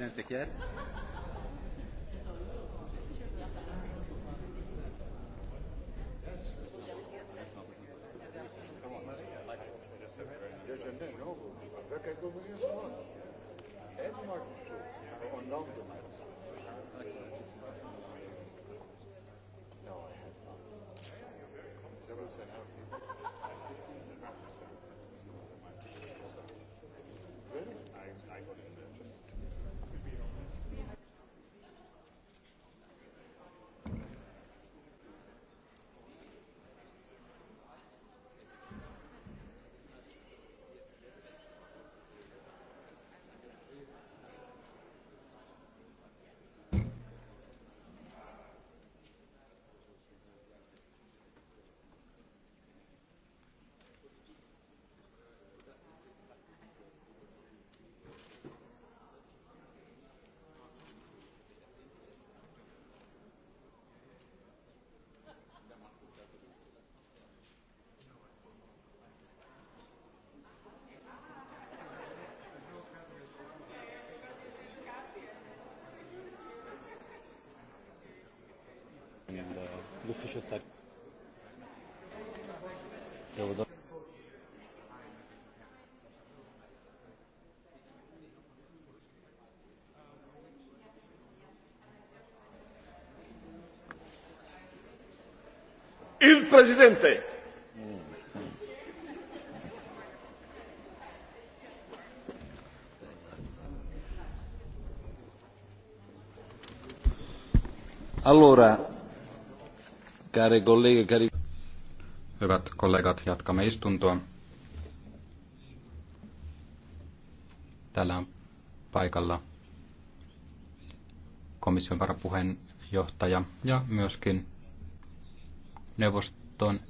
presidente Kier. Dat no. I have not. Several said how ufficio sta... Devo Il Presidente. Allora, Hyvät kollegat, jatkamme istuntoa. Täällä on paikalla komission varapuheenjohtaja ja myöskin neuvoston